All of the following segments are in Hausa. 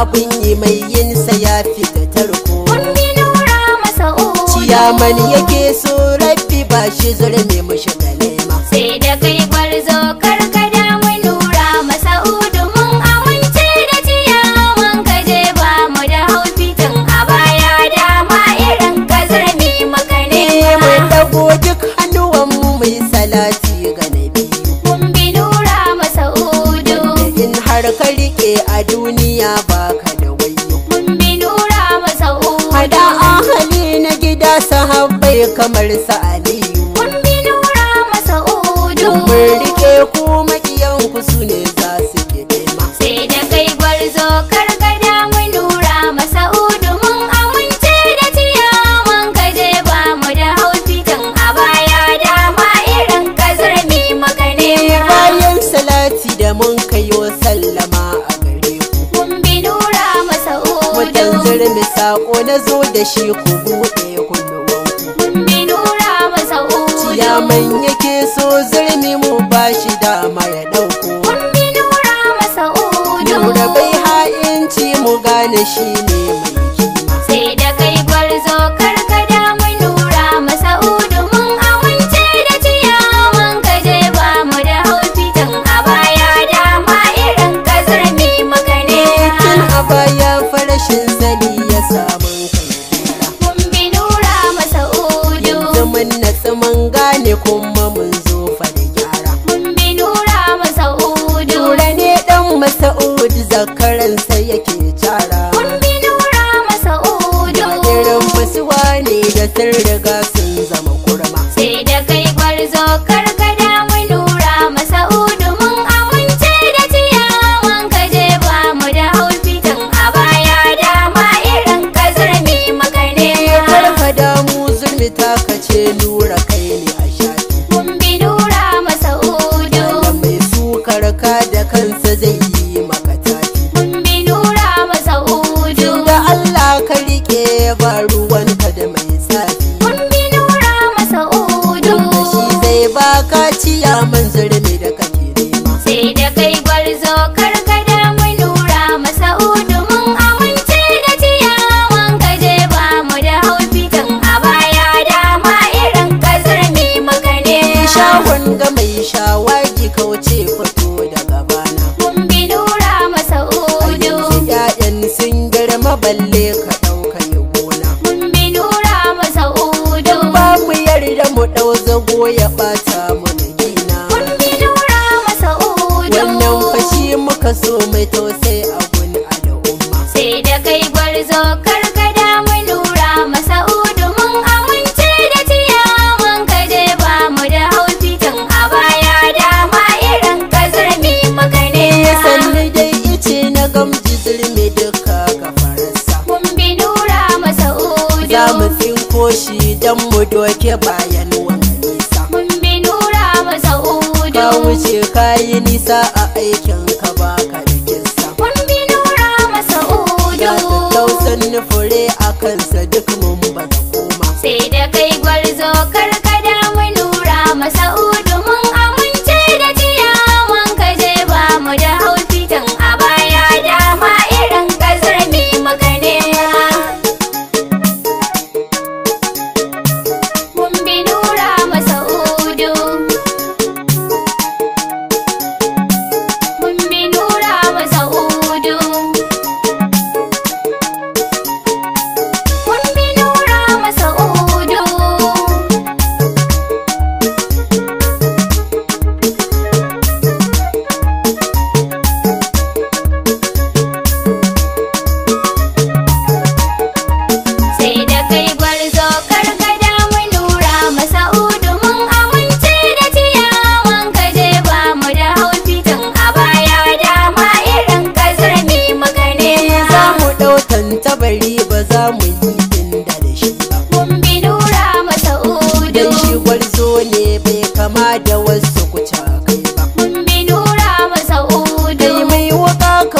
abin yi mai yin sa ya fita tarko kundi nura masa ciyaman yake so rabbi ba shi zulmi mushi a duniya baka da wayo. mun bi nura masa da ahali na gida sahabbai kamar sa aliyu mun bi nura masa udu da shi ku buɗe kunnuwanku ya man yake so zirmi mu ba shi dama ya ɗauko nura bai ha'inci mu gane shi ne ya wuce kayi nisa a aikin ka ba ka da kun bi nura masa ujo. ya tattausan fure a kansa duk mun ba koma sai da kai gwarzo da mu nura masa ujo.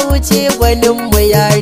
wuce mu ya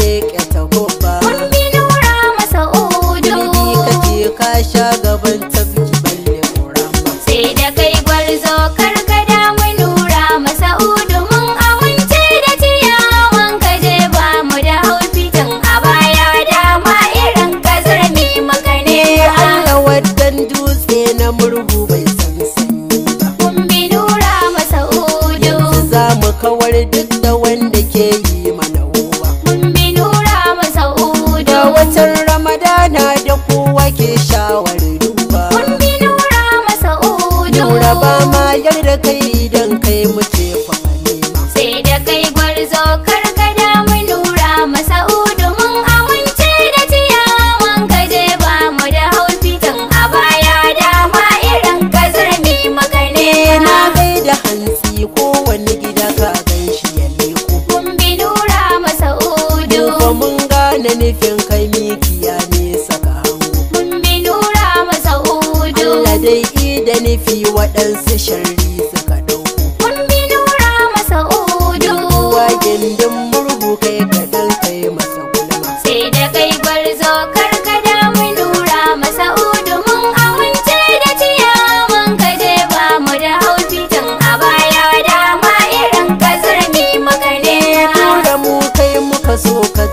dai da nufi waɗansu sharri suka ɗauko. Kun bi nura masa udu. Kowa gindin murhu kai kaɗan kai masa gulma. Sai da kai bar zo karkada mu nura masa udu. mun amince da ciyaman ka je ba mu da haufitan a baya dama irin ka zurmi maka ne. Nura mu kai muka so ka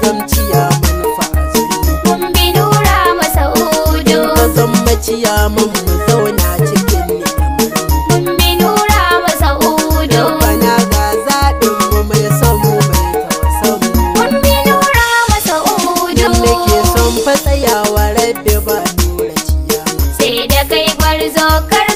ya mun fa'a zurmi. Kun bi nura masa udu. Ka zamma ciyaman mu. no